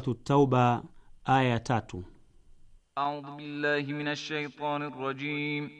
سورة التوبة آية 3 أعوذ بالله من الشيطان الرجيم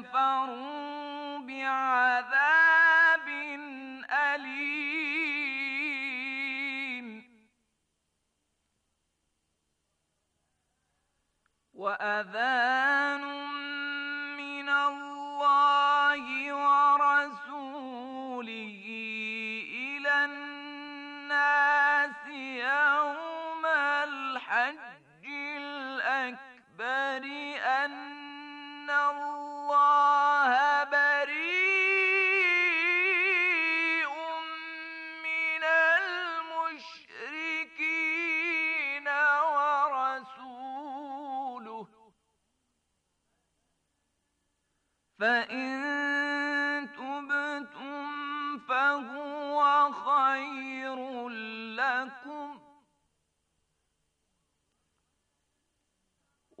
كفروا بعذاب أليم وأذان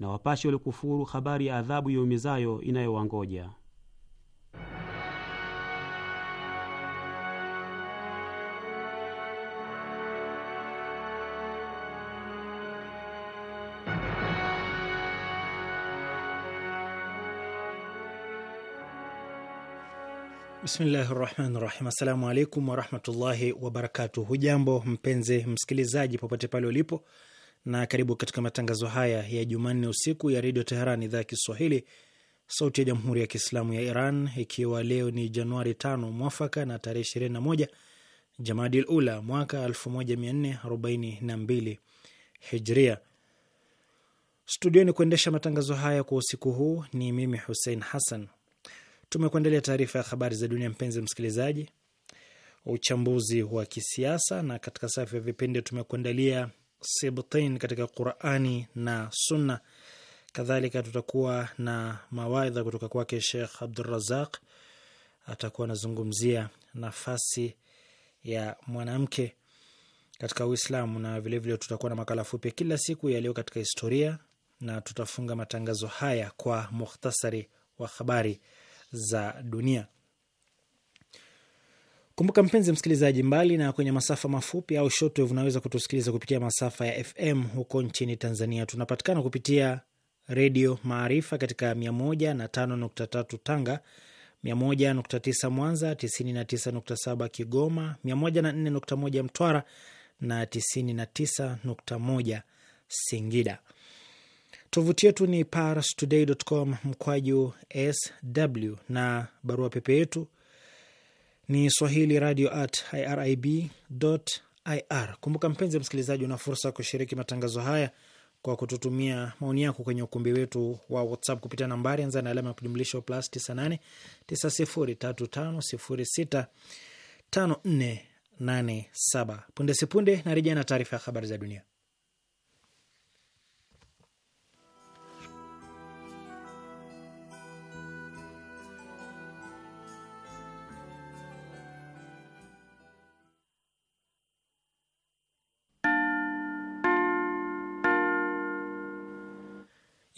na wapashe waliokufuru habari ya adhabu yaumizayo inayowangoja. Bismillahi rahmani rahim. Assalamu alaikum warahmatullahi wabarakatuh. Hujambo mpenzi msikilizaji, popote pale ulipo na karibu katika matangazo haya ya Jumanne usiku ya redio Teheran, idhaa ya Kiswahili, sauti ya jamhuri ya kiislamu ya Iran, ikiwa leo ni Januari 5 mwafaka na tarehe 21 Jamadil Ula mwaka 1442 Hijria. Studioni kuendesha matangazo haya kwa usiku huu ni mimi Hussein Hassan. Tumekuandalia taarifa ya habari za dunia, mpenzi msikilizaji, uchambuzi wa kisiasa, na katika safu ya vipindi tumekuandalia Sibtain katika Qurani na Sunna. Kadhalika tutakuwa na mawaidha kutoka kwake Shekh Abdurazaq, atakuwa anazungumzia nafasi ya mwanamke katika Uislamu na vilevile tutakuwa na makala fupi kila siku yaliyo katika historia, na tutafunga matangazo haya kwa mukhtasari wa habari za dunia. Kumbuka mpenzi msikilizaji, mbali na kwenye masafa mafupi au shortwave, unaweza kutusikiliza kupitia masafa ya FM huko nchini Tanzania. Tunapatikana kupitia Redio Maarifa katika 105.3 Tanga, 101.9 Mwanza, 99.7 Kigoma, 104.1 Mtwara na 99.1 Singida. Tovuti yetu ni parstoday.com mkwaju sw na barua pepe yetu ni swahili radio at irib ir. Kumbuka mpenzi msikilizaji, una fursa ya kushiriki matangazo haya kwa kututumia maoni yako kwenye ukumbi wetu wa WhatsApp kupitia nambari, anza na alama ya kujumlisha plus 98 9035065487. Punde sipunde na rejea na taarifa ya habari za dunia.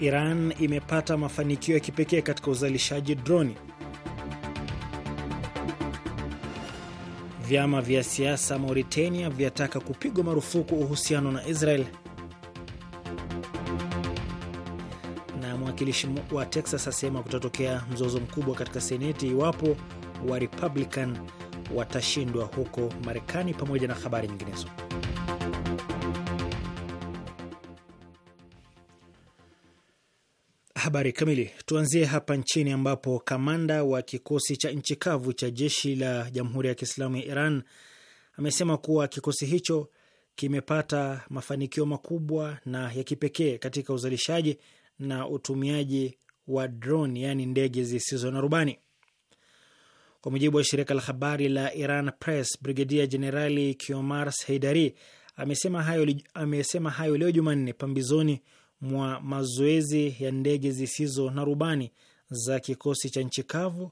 Iran imepata mafanikio ya kipekee katika uzalishaji droni. Vyama vya siasa Mauritania vyataka kupigwa marufuku uhusiano na Israel. Na mwakilishi wa Texas asema kutatokea mzozo mkubwa katika Seneti iwapo wa Republican watashindwa huko Marekani, pamoja na habari nyinginezo. Habari kamili. Tuanzie hapa nchini ambapo kamanda wa kikosi cha nchi kavu cha jeshi la Jamhuri ya Kiislamu ya Iran amesema kuwa kikosi hicho kimepata mafanikio makubwa na ya kipekee katika uzalishaji na utumiaji wa drone, yaani ndege zisizo na rubani. Kwa mujibu wa shirika la habari la Iran Press, Brigedia Jenerali Kiomars Heidari amesema hayo, amesema hayo leo Jumanne pambizoni mwa mazoezi ya ndege zisizo na rubani za kikosi cha nchi kavu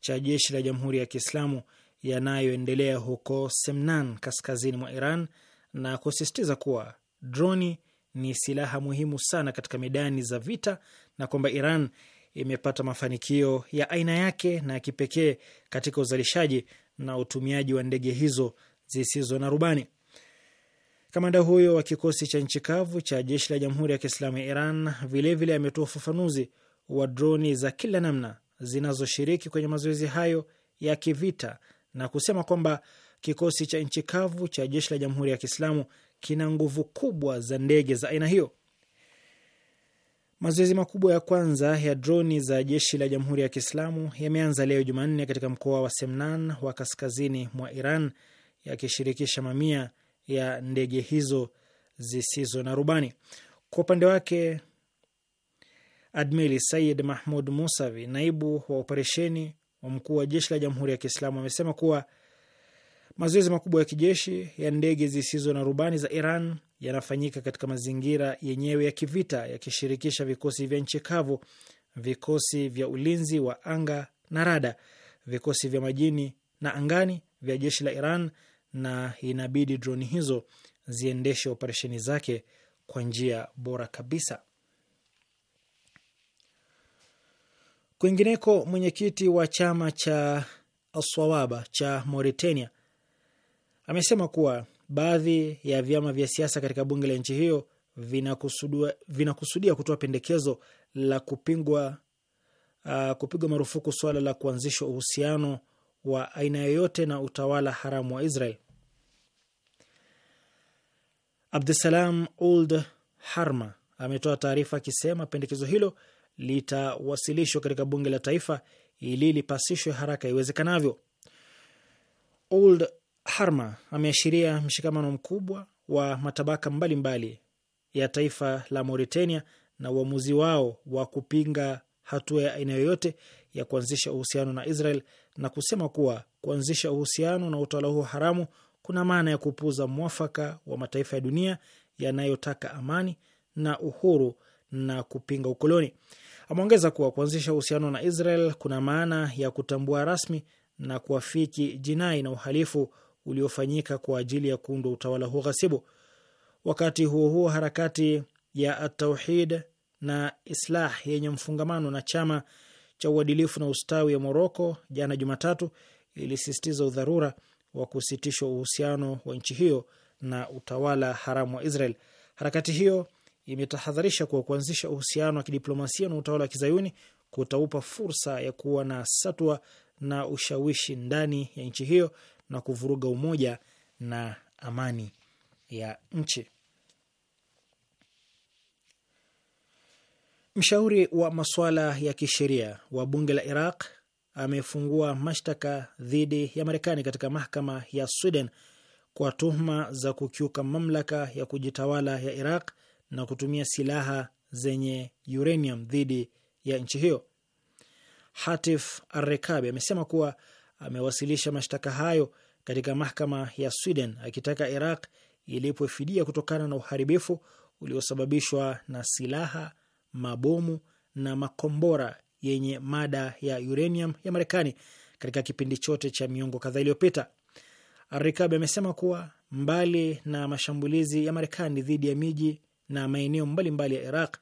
cha jeshi la Jamhuri ya Kiislamu yanayoendelea huko Semnan kaskazini mwa Iran na kusisitiza kuwa droni ni silaha muhimu sana katika medani za vita na kwamba Iran imepata mafanikio ya aina yake na kipekee katika uzalishaji na utumiaji wa ndege hizo zisizo na rubani. Kamanda huyo wa kikosi cha nchi kavu cha jeshi la jamhuri ya kiislamu ya Iran vilevile ametoa ufafanuzi wa droni za kila namna zinazoshiriki kwenye mazoezi hayo ya kivita na kusema kwamba kikosi cha nchi kavu cha jeshi la jamhuri ya kiislamu kina nguvu kubwa za ndege za aina hiyo. Mazoezi makubwa ya kwanza ya droni za jeshi la jamhuri ya kiislamu yameanza leo Jumanne katika mkoa wa Semnan wa kaskazini mwa Iran yakishirikisha mamia ya ndege hizo zisizo na rubani. Kwa upande wake, Admiral Sayid Mahmud Musavi, naibu wa operesheni wa mkuu wa jeshi la Jamhuri ya Kiislamu, amesema kuwa mazoezi makubwa ya kijeshi ya ndege zisizo na rubani za Iran yanafanyika katika mazingira yenyewe ya kivita yakishirikisha vikosi vya nchi kavu, vikosi vya ulinzi wa anga na rada, vikosi vya majini na angani vya jeshi la Iran na inabidi droni hizo ziendeshe operesheni zake kwa njia bora kabisa. Kwingineko, mwenyekiti wa chama cha Aswawaba cha Mauritania amesema kuwa baadhi ya vyama vya siasa katika bunge la nchi hiyo vinakusudia vina kutoa pendekezo la kupigwa uh, kupigwa marufuku suala la kuanzishwa uhusiano wa aina yoyote na utawala haramu wa Israel. Abdusalam Old Harma ametoa taarifa akisema pendekezo hilo litawasilishwa katika bunge la taifa ili lipasishwe haraka iwezekanavyo. Old Harma ameashiria mshikamano mkubwa wa matabaka mbalimbali mbali ya taifa la Mauritania na uamuzi wao wa kupinga hatua ya aina yoyote ya kuanzisha uhusiano na Israel na kusema kuwa kuanzisha uhusiano na utawala huo haramu kuna maana ya kupuuza mwafaka wa mataifa ya dunia yanayotaka amani na uhuru na kupinga ukoloni. Ameongeza kuwa kuanzisha uhusiano na Israel kuna maana ya kutambua rasmi na kuafiki jinai na uhalifu uliofanyika kwa ajili ya kuundwa utawala huo ghasibu. Wakati huo huo, harakati ya Atauhid na Islah yenye mfungamano na chama cha uadilifu na ustawi ya Moroko jana Jumatatu ilisisitiza udharura wa kusitishwa uhusiano wa nchi hiyo na utawala haramu wa Israel. Harakati hiyo imetahadharisha kuwa kuanzisha uhusiano wa kidiplomasia na utawala wa kizayuni kutaupa fursa ya kuwa na satwa na ushawishi ndani ya nchi hiyo na kuvuruga umoja na amani ya nchi. Mshauri wa masuala ya kisheria wa bunge la Iraq amefungua mashtaka dhidi ya Marekani katika mahakama ya Sweden kwa tuhuma za kukiuka mamlaka ya kujitawala ya Iraq na kutumia silaha zenye uranium dhidi ya nchi hiyo. Hatif Arrekabi amesema kuwa amewasilisha mashtaka hayo katika mahakama ya Sweden akitaka Iraq ilipwe fidia kutokana na uharibifu uliosababishwa na silaha mabomu na makombora yenye mada ya uranium ya Marekani katika kipindi chote cha miongo kadhaa iliyopita. Arikabi amesema kuwa mbali na mashambulizi ya Marekani dhidi ya miji na maeneo mbalimbali ya Iraq,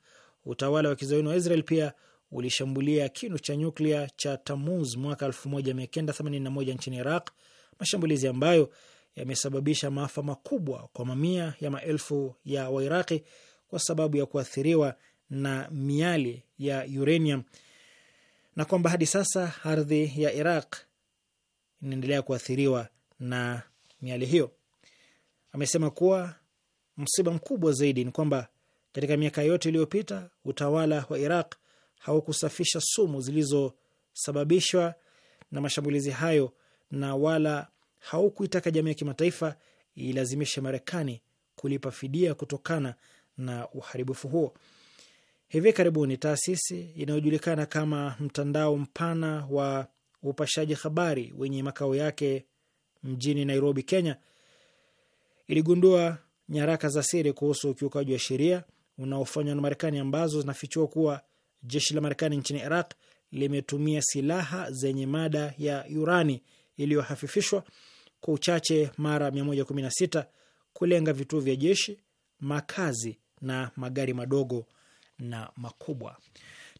utawala wa kizayuni wa Israel pia ulishambulia kinu cha nyuklia cha Tamuz mwaka 1981 nchini Iraq, mashambulizi ambayo yamesababisha maafa makubwa kwa mamia ya maelfu ya Wairaqi kwa sababu ya kuathiriwa na miali ya uranium na kwamba hadi sasa ardhi ya Iraq inaendelea kuathiriwa na miali hiyo. Amesema kuwa msiba mkubwa zaidi ni kwamba katika miaka yote iliyopita utawala wa Iraq haukusafisha sumu zilizosababishwa na mashambulizi hayo na wala haukuitaka jamii ya kimataifa ilazimishe Marekani kulipa fidia kutokana na uharibifu huo. Hivi karibuni taasisi inayojulikana kama mtandao mpana wa upashaji habari wenye makao yake mjini Nairobi, Kenya, iligundua nyaraka za siri kuhusu ukiukaji wa sheria unaofanywa na Marekani ambazo zinafichua kuwa jeshi la Marekani nchini Iraq limetumia silaha zenye mada ya urani iliyohafifishwa kwa uchache mara 116 kulenga vituo vya jeshi, makazi na magari madogo na makubwa.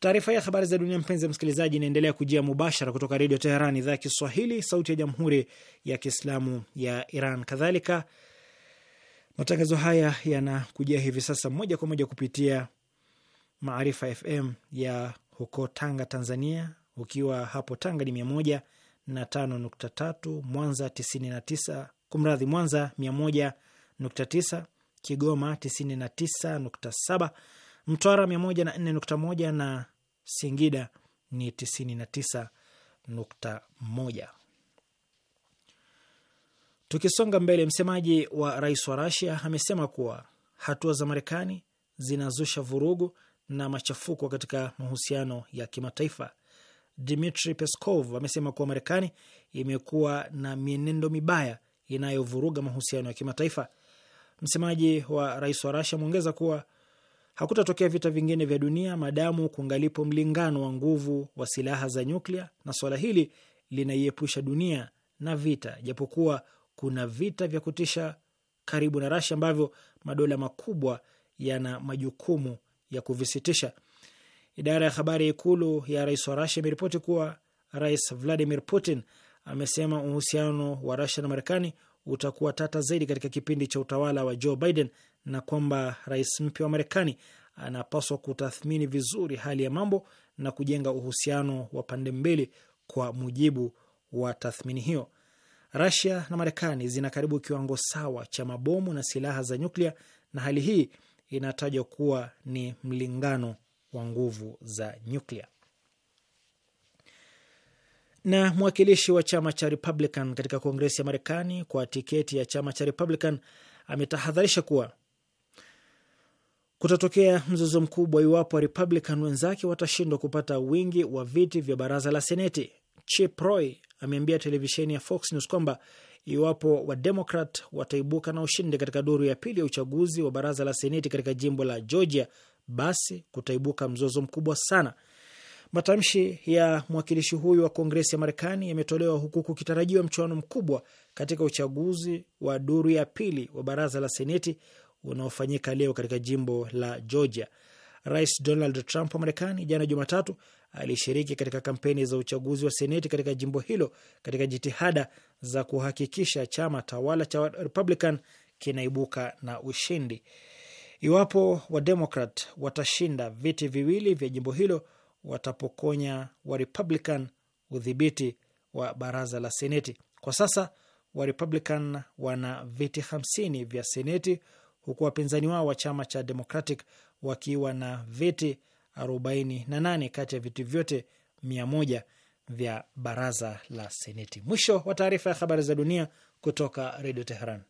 Taarifa ya habari za dunia, mpenzi msikilizaji, inaendelea kujia mubashara kutoka Redio Teheran, idhaa ya Kiswahili, sauti ya jamhuri ya kiislamu ya Iran. Kadhalika, matangazo haya yanakujia hivi sasa moja kwa moja kupitia Maarifa FM ya huko Tanga, Tanzania. Ukiwa hapo Tanga ni mia moja na tano nukta tatu, Mwanza tisini na tisa, kumradhi, Mwanza mia moja nukta tisa, Kigoma tisini na tisa nukta saba Mtwara 104.1 na Singida ni 99.1. Tukisonga mbele, msemaji wa rais wa Rasia amesema kuwa hatua za Marekani zinazusha vurugu na machafuko katika mahusiano ya kimataifa. Dmitri Peskov amesema kuwa Marekani imekuwa na mienendo mibaya inayovuruga mahusiano ya kimataifa. Msemaji wa rais wa Rasia ameongeza kuwa Hakutatokea vita vingine vya dunia madamu kungalipo mlingano wa nguvu wa silaha za nyuklia, na swala hili linaiepusha dunia na vita, japokuwa kuna vita vya kutisha karibu na Rasia ambavyo madola makubwa yana majukumu ya kuvisitisha. Idara ya habari ya ikulu ya rais wa Rasia imeripoti kuwa Rais Vladimir Putin amesema uhusiano wa Rasia na Marekani utakuwa tata zaidi katika kipindi cha utawala wa Joe Biden na kwamba rais mpya wa Marekani anapaswa kutathmini vizuri hali ya mambo na kujenga uhusiano wa pande mbili kwa mujibu wa tathmini hiyo. Rasia na Marekani zina karibu kiwango sawa cha mabomu na silaha za nyuklia, na hali hii inatajwa kuwa ni mlingano wa nguvu za nyuklia. Na mwakilishi wa chama cha Republican katika Kongresi ya Marekani kwa tiketi ya chama cha Republican ametahadharisha kuwa kutatokea mzozo mkubwa iwapo Republican wenzake watashindwa kupata wingi wa viti vya baraza la Seneti. Chip Roy ameambia televisheni ya Fox News kwamba iwapo Wademokrat wataibuka na ushindi katika duru ya pili ya uchaguzi wa baraza la Seneti katika jimbo la Georgia, basi kutaibuka mzozo mkubwa sana. Matamshi ya mwakilishi huyu wa Kongresi ya Marekani yametolewa huku kukitarajiwa mchuano mkubwa katika uchaguzi wa duru ya pili wa baraza la Seneti unaofanyika leo katika jimbo la Georgia. Rais Donald Trump wa Marekani jana Jumatatu alishiriki katika kampeni za uchaguzi wa seneti katika jimbo hilo katika jitihada za kuhakikisha chama tawala cha Republican kinaibuka na ushindi. Iwapo Wademokrat watashinda viti viwili vya jimbo hilo, watapokonya Warepublican udhibiti wa baraza la seneti. Kwa sasa Warepublican wana viti 50 vya seneti huku wapinzani wao wa chama cha Democratic wakiwa na viti 48 kati ya viti vyote 100 vya baraza la Seneti. Mwisho wa taarifa ya habari za dunia kutoka Redio Teheran.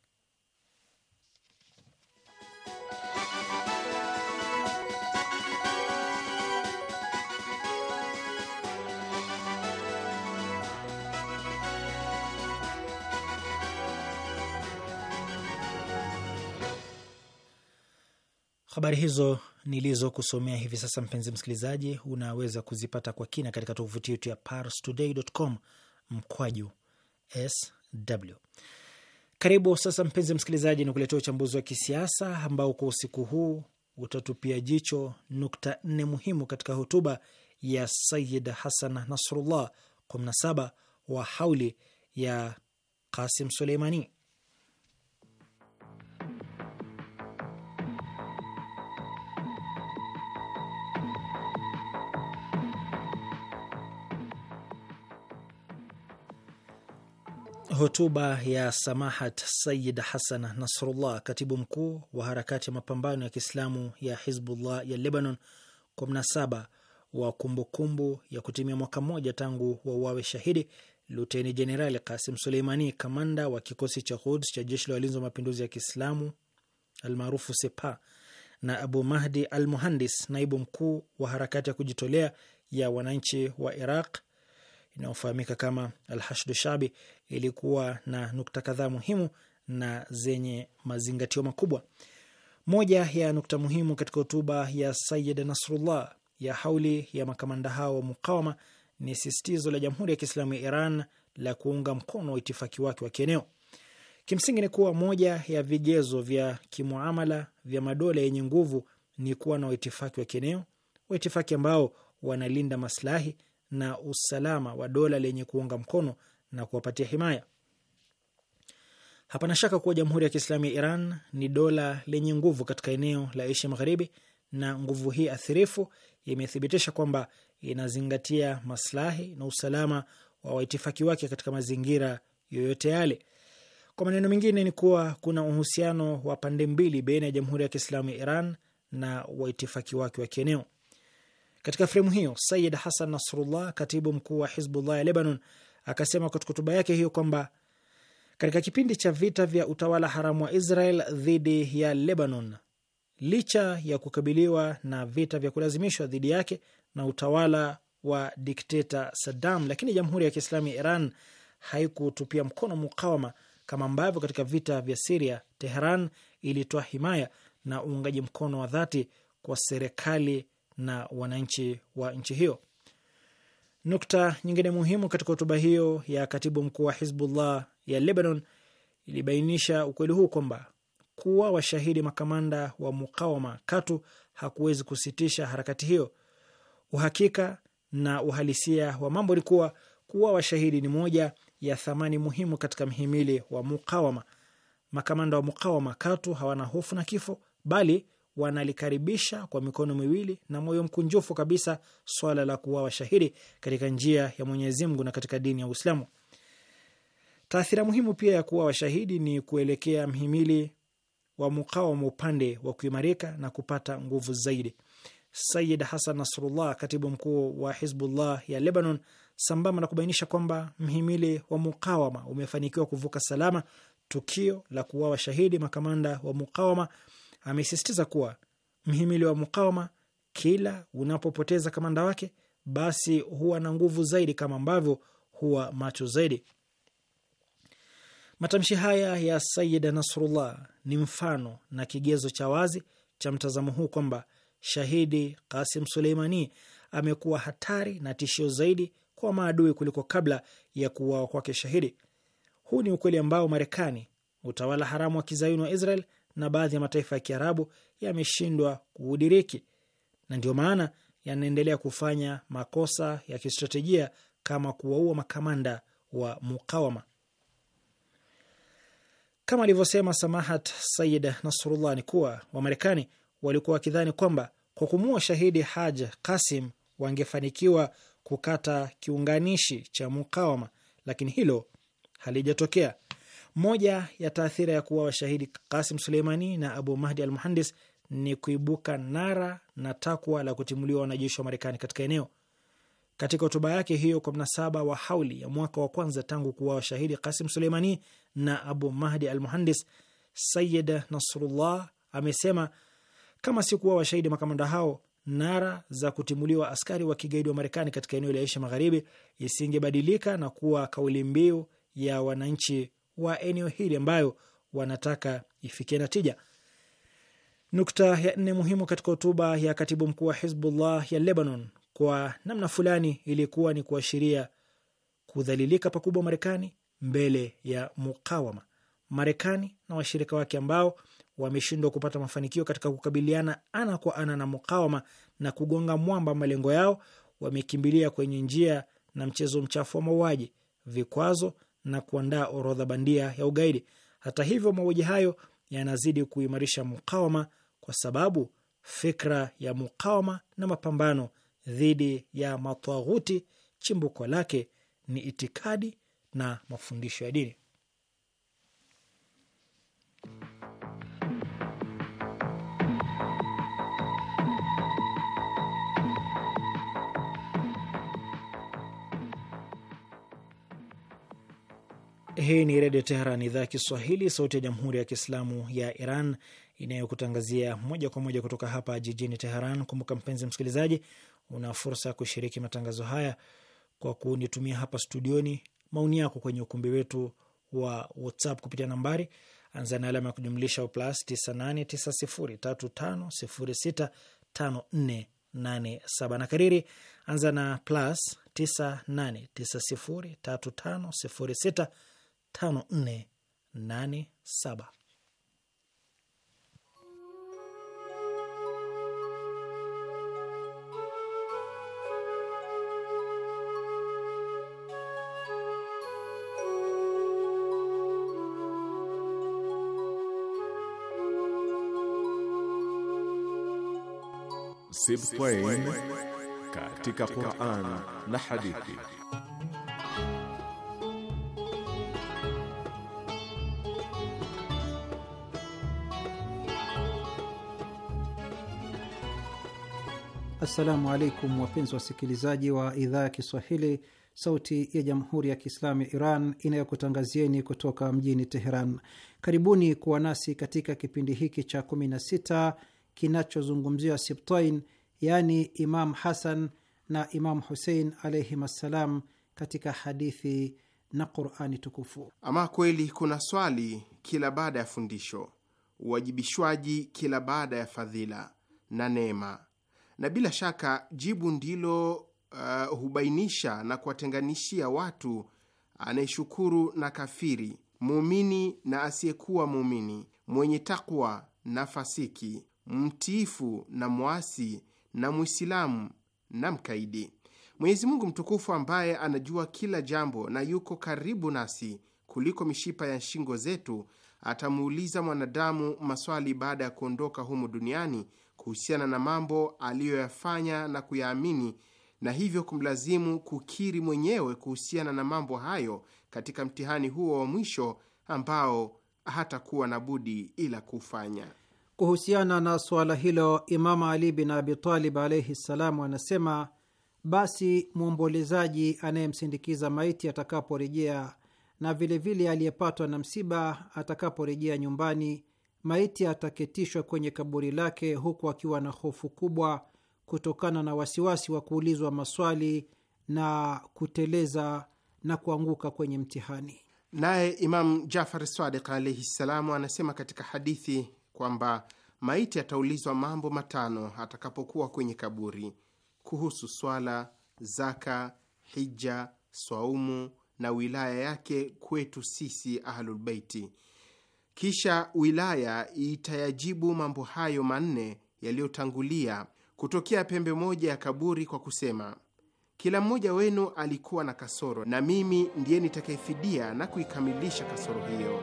Habari hizo nilizokusomea hivi sasa, mpenzi msikilizaji, unaweza kuzipata kwa kina katika tovuti yetu ya parstoday.com mkwaju sw. Karibu sasa, mpenzi msikilizaji, ni kuletea uchambuzi wa kisiasa ambao kwa usiku huu utatupia jicho nukta nne muhimu katika hotuba ya Sayid Hasan Nasrullah 17 wa hauli ya kasim Suleimani. hotuba ya Samahat Sayid Hasan Nasrullah, katibu mkuu wa harakati ya mapambano ya Kiislamu ya Hizbullah ya Lebanon, kwa mnasaba wa kumbukumbu kumbu ya kutimia mwaka mmoja tangu wauawe shahidi Luteni Jenerali Kasim Suleimani, kamanda wa kikosi cha Quds cha jeshi la walinzi wa mapinduzi ya Kiislamu almaarufu Sepa, na Abu Mahdi al Muhandis, naibu mkuu wa harakati ya kujitolea ya wananchi wa Iraq inayofahamika kama Alhashdu Shabi ilikuwa na nukta kadhaa muhimu na zenye mazingatio makubwa. Moja ya nukta muhimu katika hotuba ya Sayid Nasrullah ya hauli ya makamanda hao wa mukawama ni sisitizo la Jamhuri ya Kiislamu ya Iran la kuunga mkono wa itifaki wake wa kieneo. Kimsingi ni kuwa moja ya vigezo vya kimuamala vya madola yenye nguvu ni kuwa na waitifaki wa kieneo, waitifaki ambao wanalinda maslahi na usalama wa dola lenye kuunga mkono na kuwapatia himaya. Hapana shaka kuwa Jamhuri ya Kiislamu ya Iran ni dola lenye nguvu katika eneo la Asia Magharibi, na nguvu hii athirifu imethibitisha kwamba inazingatia maslahi na usalama wa waitifaki wake katika mazingira yoyote yale. Kwa maneno mengine, ni kuwa kuna uhusiano wa pande mbili baina ya Jamhuri ya Kiislamu ya Iran na waitifaki wake wa kieneo. Katika fremu hiyo, Sayid Hasan Nasrullah, katibu mkuu wa Hizbullah ya Lebanon, akasema katika hotuba yake hiyo kwamba katika kipindi cha vita vya utawala haramu wa Israel dhidi ya Lebanon, licha ya kukabiliwa na vita vya kulazimishwa dhidi yake na utawala wa dikteta Saddam, lakini Jamhuri ya Kiislamu ya Iran haikutupia mkono mukawama kama ambavyo katika vita vya Siria Teheran ilitoa himaya na uungaji mkono wa dhati kwa serikali na wananchi wa nchi hiyo. Nukta nyingine muhimu katika hotuba hiyo ya katibu mkuu wa Hizbullah ya Lebanon ilibainisha ukweli huu kwamba kuwa washahidi makamanda wa mukawama katu hakuwezi kusitisha harakati hiyo. Uhakika na uhalisia wa mambo ni kuwa kuwa washahidi ni moja ya thamani muhimu katika mhimili wa mukawama. Makamanda wa mukawama katu hawana hofu na kifo, bali wanalikaribisha kwa mikono miwili na moyo mkunjufu kabisa swala la kuwa shahidi katika njia ya Mwenyezi Mungu na katika dini ya Uislamu. Taathira muhimu pia ya kuwa washahidi ni kuelekea mhimili wa mukawama upande wa kuimarika na kupata nguvu zaidi. Sayid Hasan Nasrullah, katibu mkuu wa Hizbullah ya Lebanon, sambamba na kubainisha kwamba mhimili wa mukawama umefanikiwa kuvuka salama tukio la kuwa washahidi makamanda wa mukawama amesisitiza kuwa mhimili wa mukawama kila unapopoteza kamanda wake basi huwa na nguvu zaidi kama ambavyo huwa macho zaidi. Matamshi haya ya Sayid Nasrullah ni mfano na kigezo cha wazi cha mtazamo huu kwamba shahidi Kasim Suleimani amekuwa hatari na tishio zaidi kwa maadui kuliko kabla ya kuuawa kwake shahidi. Huu ni ukweli ambao Marekani, utawala haramu wa kizayuni wa Israel na baadhi ya mataifa ya Kiarabu yameshindwa kuudiriki na ndio maana yanaendelea kufanya makosa ya kistratejia kama kuwaua makamanda wa mukawama. Kama alivyosema Samahat Sayid Nasrullah ni kuwa Wamarekani walikuwa wakidhani kwamba kwa kumua shahidi Haj Kasim wangefanikiwa kukata kiunganishi cha mukawama, lakini hilo halijatokea. Moja ya taathira ya kuwa washahidi Kasim Suleimani na Abu Mahdi al Muhandis ni kuibuka nara na takwa la kutimuliwa wanajeshi wa Marekani katika eneo. Katika hotuba yake hiyo kwa mnasaba wa hauli ya mwaka wa kwanza tangu kuwa washahidi Kasim Suleimani na Abu Mahdi al Muhandis, Sayid Nasrullah amesema kama si kuwa washahidi makamanda hao, nara za kutimuliwa askari wa kigaidi wa Marekani katika eneo la Asia Magharibi isingebadilika na kuwa kauli mbiu ya wananchi wa eneo hili ambayo wanataka ifikie natija. Nukta ya nne muhimu katika hotuba ya katibu mkuu wa Hizbullah ya Lebanon kwa namna fulani ilikuwa ni kuashiria kudhalilika pakubwa Marekani mbele ya mukawama. Marekani na washirika wake ambao wameshindwa kupata mafanikio katika kukabiliana ana kwa ana na mukawama na kugonga mwamba malengo yao, wamekimbilia kwenye njia na mchezo mchafu wa mauaji, vikwazo na kuandaa orodha bandia ya ugaidi. Hata hivyo, mauaji hayo yanazidi kuimarisha mukawama, kwa sababu fikra ya mukawama na mapambano dhidi ya matwaghuti chimbuko lake ni itikadi na mafundisho ya dini. Hii ni Redio Teheran, idhaa ya Kiswahili, sauti ya Jamhuri ya Kiislamu ya Iran inayokutangazia moja kwa moja kutoka hapa jijini Teheran. Kumbuka mpenzi msikilizaji, una fursa ya kushiriki matangazo haya kwa kunitumia hapa studioni maoni yako kwenye ukumbi wetu wa WhatsApp kupitia nambari anza na alama ya kujumlisha plus 989035065487 na kariri anza na plus 98903506 5487. Sibtain katika Qur'an na hadithi. Assalamu alaikum wapenzi wasikilizaji wa idhaa ya Kiswahili, Sauti ya Jamhuri ya Kiislamu ya Iran inayokutangazieni kutoka mjini Teheran. Karibuni kuwa nasi katika kipindi hiki cha 16 kinachozungumziwa Sibtain, yaani Imam Hasan na Imam Husein alaihim assalam, katika hadithi na Qurani Tukufu. Ama kweli kuna swali kila baada ya fundisho, uwajibishwaji kila baada ya fadhila na neema na bila shaka jibu ndilo uh, hubainisha na kuwatenganishia watu uh, anayeshukuru na kafiri, muumini na asiyekuwa muumini, mwenye takwa na fasiki, mtiifu na mwasi, na Mwislamu na mkaidi. Mwenyezi Mungu mtukufu ambaye anajua kila jambo na yuko karibu nasi kuliko mishipa ya shingo zetu, atamuuliza mwanadamu maswali baada ya kuondoka humu duniani kuhusiana na mambo aliyoyafanya na kuyaamini na hivyo kumlazimu kukiri mwenyewe kuhusiana na mambo hayo katika mtihani huo wa mwisho ambao hatakuwa na budi ila kufanya. Kuhusiana na suala hilo, Imamu Ali bin Abitalib alaihi ssalamu anasema, basi mwombolezaji anayemsindikiza maiti atakaporejea, na vilevile aliyepatwa na msiba atakaporejea nyumbani maiti ataketishwa kwenye kaburi lake huku akiwa na hofu kubwa kutokana na wasiwasi wa kuulizwa maswali na kuteleza na kuanguka kwenye mtihani. Naye Imam Jafar Sadiq alaihi ssalamu anasema katika hadithi kwamba maiti ataulizwa mambo matano atakapokuwa kwenye kaburi: kuhusu swala, zaka, hija, swaumu na wilaya yake kwetu sisi Ahlulbeiti. Kisha wilaya itayajibu mambo hayo manne yaliyotangulia kutokea pembe moja ya kaburi kwa kusema, kila mmoja wenu alikuwa na kasoro na mimi ndiye nitakayefidia na kuikamilisha kasoro hiyo.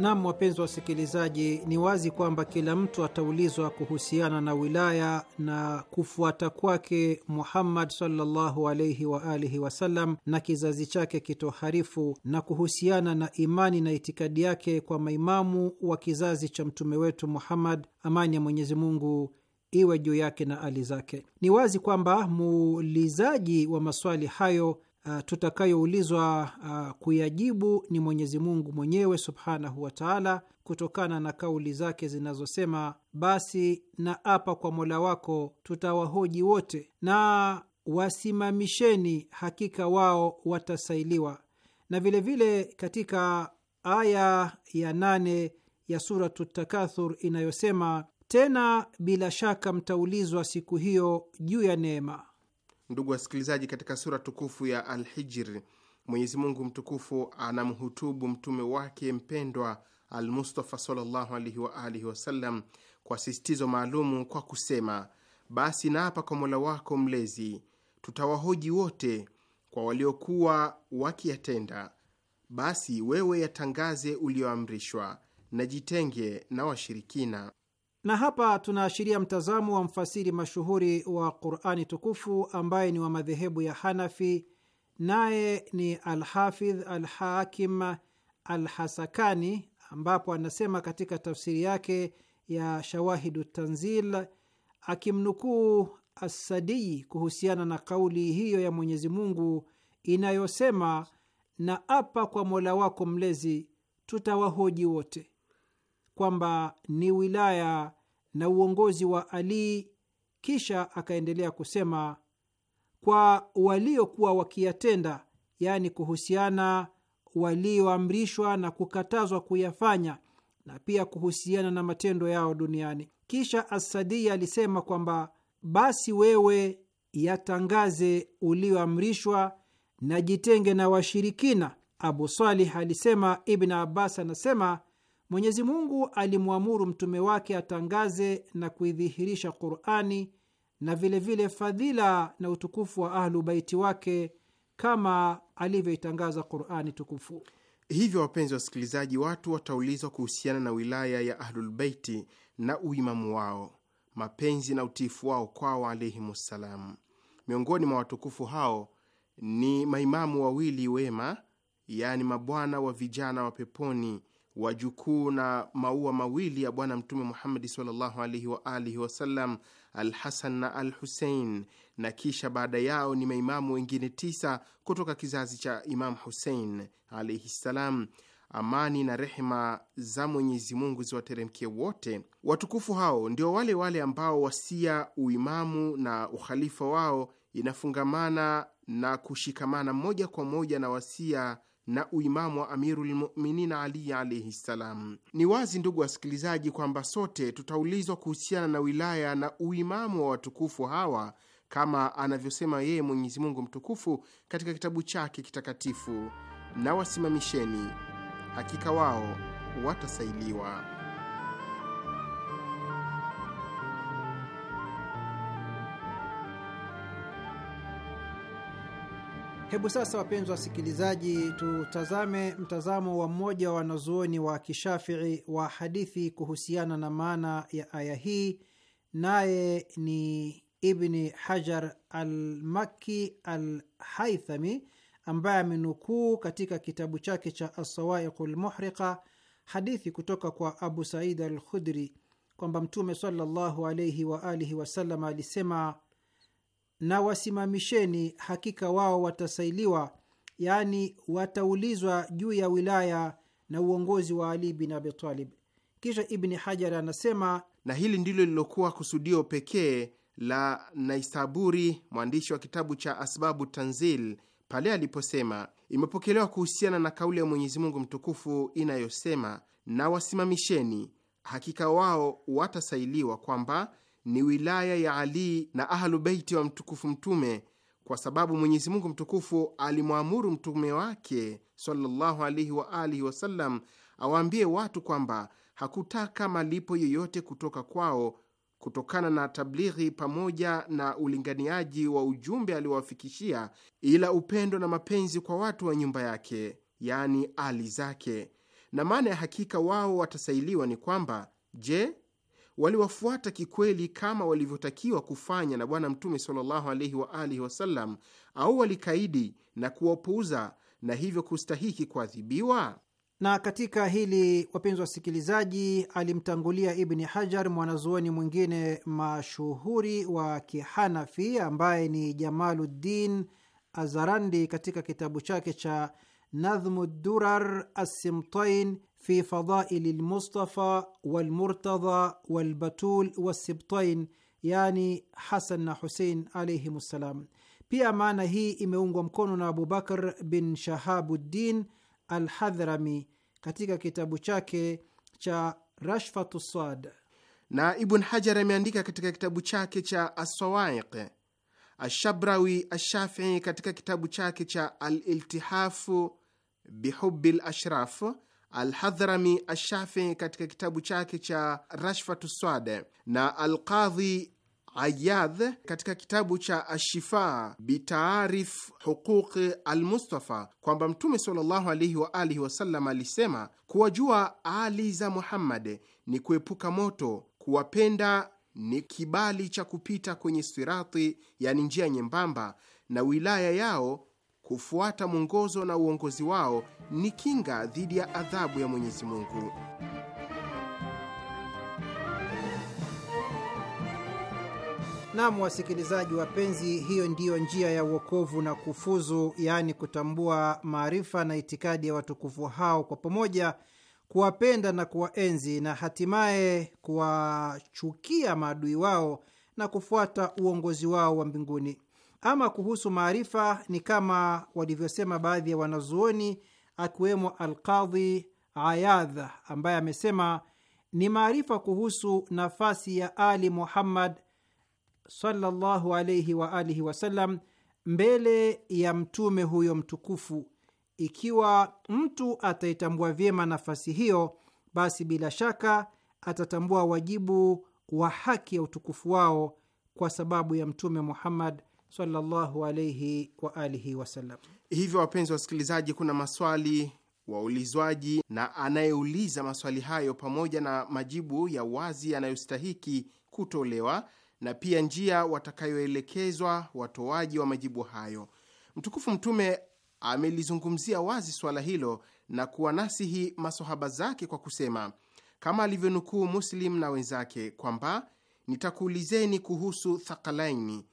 Nam, wapenzi wa wasikilizaji, ni wazi kwamba kila mtu ataulizwa kuhusiana na wilaya na kufuata kwake Muhammad sallallahu alaihi wa alihi wasallam na kizazi chake kitoharifu na kuhusiana na imani na itikadi yake kwa maimamu wa kizazi cha mtume wetu Muhammad, amani ya Mwenyezi Mungu iwe juu yake na ali zake. Ni wazi kwamba muulizaji wa maswali hayo uh, tutakayoulizwa uh, kuyajibu ni Mwenyezi Mungu mwenyewe subhanahu wa taala, kutokana na kauli zake zinazosema, basi na apa kwa Mola wako tutawahoji wote, na wasimamisheni, hakika wao watasailiwa. Na vilevile vile katika aya ya nane ya Suratu Takathur inayosema, tena bila shaka mtaulizwa siku hiyo juu ya neema Ndugu wasikilizaji, katika sura tukufu ya Alhijri, Mwenyezi Mungu mtukufu anamhutubu mtume wake mpendwa Almustafa sallallahu alaihi wa alihi wasallam kwa sisitizo maalumu kwa kusema, basi naapa kwa Mola wako Mlezi, tutawahoji wote kwa waliokuwa wakiyatenda, basi wewe yatangaze ulioamrishwa na jitenge na washirikina. Na hapa tunaashiria mtazamo wa mfasiri mashuhuri wa Qurani tukufu ambaye ni wa madhehebu ya Hanafi, naye ni Alhafidh Alhakim Alhasakani, ambapo anasema katika tafsiri yake ya Shawahidu Tanzil akimnukuu Assadii kuhusiana na kauli hiyo ya Mwenyezi Mungu inayosema, na apa kwa Mola wako Mlezi tutawahoji wote, kwamba ni wilaya na uongozi wa Ali. Kisha akaendelea kusema, kwa waliokuwa wakiyatenda, yaani kuhusiana walioamrishwa na kukatazwa kuyafanya, na pia kuhusiana na matendo yao duniani. Kisha Asadia alisema kwamba basi wewe yatangaze ulioamrishwa na jitenge na washirikina. Abu Salih alisema, Ibn Abbas anasema Mwenyezi Mungu alimwamuru mtume wake atangaze na kuidhihirisha Qurani na vilevile vile fadhila na utukufu wa Ahlu Baiti wake kama alivyoitangaza Qurani tukufu. Hivyo wapenzi wa wasikilizaji, watu wataulizwa kuhusiana na wilaya ya Ahlulbeiti na uimamu wao, mapenzi na utiifu wao kwao ssalam. Miongoni mwa watukufu hao ni maimamu wawili wema, yaani mabwana wa vijana wa peponi wajukuu na maua mawili ya Bwana Mtume Muhammadi sallallahu alaihi wa alihi wasallam, Al Hasan na Al Husein, na kisha baada yao ni maimamu wengine tisa kutoka kizazi cha Imamu Husein alaihi ssalam. Amani na rehema za Mwenyezi Mungu ziwateremkie wote. Watukufu hao ndio wale wale ambao wasia, uimamu na ukhalifa wao inafungamana na kushikamana moja kwa moja na wasia na uimamu wa amirulmuminin Ali alaihi ssalam. Ni wazi ndugu wasikilizaji, kwamba sote tutaulizwa kuhusiana na wilaya na uimamu wa watukufu hawa kama anavyosema yeye Mwenyezi Mungu mtukufu katika kitabu chake kitakatifu: na wasimamisheni, hakika wao watasailiwa. Hebu sasa, wapenzi wasikilizaji, tutazame mtazamo wa mmoja wa wanazuoni wa kishafii wa hadithi kuhusiana na maana ya aya hii, naye ni Ibni Hajar al al Haithami, ambaye amenukuu katika kitabu chake cha Assawaiqu Lmuhriqa hadithi kutoka kwa Abu Said Alkhudri kwamba Mtume sallallahu alaihi waalihi wasallam alisema na wasimamisheni, hakika wao watasailiwa, yaani wataulizwa juu ya wilaya na uongozi wa Ali bin Abitalib. Kisha Ibni Hajar anasema, na hili ndilo lilokuwa kusudio pekee la Naisaburi, mwandishi wa kitabu cha Asbabu Tanzil, pale aliposema imepokelewa kuhusiana na kauli ya Mwenyezi Mungu mtukufu inayosema, na wasimamisheni, hakika wao watasailiwa, kwamba ni wilaya ya Ali na ahlu beiti wa mtukufu Mtume, kwa sababu Mwenyezi Mungu mtukufu alimwamuru mtume wake sallallahu wa alihi wasallam awaambie watu kwamba hakutaka malipo yoyote kutoka kwao kutokana na tablighi pamoja na ulinganiaji wa ujumbe aliowafikishia, ila upendo na mapenzi kwa watu wa nyumba yake, yani ali zake. Na maana ya hakika wao watasailiwa ni kwamba, je, waliwafuata kikweli kama walivyotakiwa kufanya na Bwana Mtume sallallahu alaihi wa alihi wasallam, au walikaidi na kuwapuuza na hivyo kustahiki kuadhibiwa? Na katika hili wapenzi wasikilizaji, alimtangulia Ibni Hajar mwanazuoni mwingine mashuhuri wa Kihanafi ambaye ni Jamaluddin Azarandi katika kitabu chake cha Nadhmu Durar Assimtain fi Fadhaili Lmustafa Walmurtadha Walbatul Wassibtain, yani Hasan na Husein alaihim ssalam. Pia maana hii imeungwa mkono na Abubakar bin Shahabuddin Alhadhrami katika kitabu chake cha Rashfatu Swad, na Ibn Hajar ameandika katika kitabu chake cha Assawaiq Ashabrawi Ashafii katika kitabu chake cha Aliltihafu bihubi lashraf, Alhadhrami Ashafii katika kitabu chake cha Rashfatu Swade na Alqadhi Ayadh katika kitabu cha ashifa bitaarif huquqi Almustafa kwamba Mtume sallallahu alaihi wa alihi wasallam alisema, kuwajua Ali za Muhammad ni kuepuka moto, kuwapenda ni kibali cha kupita kwenye sirati, yani njia nyembamba, na wilaya yao kufuata mwongozo na uongozi wao ni kinga dhidi ya adhabu ya Mwenyezi Mungu. Nam, wasikilizaji wapenzi, hiyo ndiyo njia ya uokovu na kufuzu, yaani kutambua maarifa na itikadi ya watukufu hao kwa pamoja kuwapenda na kuwaenzi na hatimaye kuwachukia maadui wao na kufuata uongozi wao wa mbinguni. Ama kuhusu maarifa, ni kama walivyosema baadhi ya wanazuoni akiwemo Alqadhi Ayadh ambaye amesema ni maarifa kuhusu nafasi ya Ali Muhammad sallallahu alaihi waalihi wasallam mbele ya mtume huyo mtukufu ikiwa mtu ataitambua vyema nafasi hiyo, basi bila shaka atatambua wajibu wa haki ya utukufu wao kwa sababu ya Mtume Muhammad sallallahu alaihi wa alihi wasallam. Hivyo wapenzi wa wasikilizaji, kuna maswali waulizwaji na anayeuliza maswali hayo pamoja na majibu ya wazi yanayostahiki kutolewa na pia njia watakayoelekezwa watoaji wa majibu hayo. Mtukufu Mtume amelizungumzia wazi swala hilo na kuwanasihi masohaba zake kwa kusema kama alivyonukuu Muslim na wenzake kwamba nitakuulizeni kuhusu thakalaini,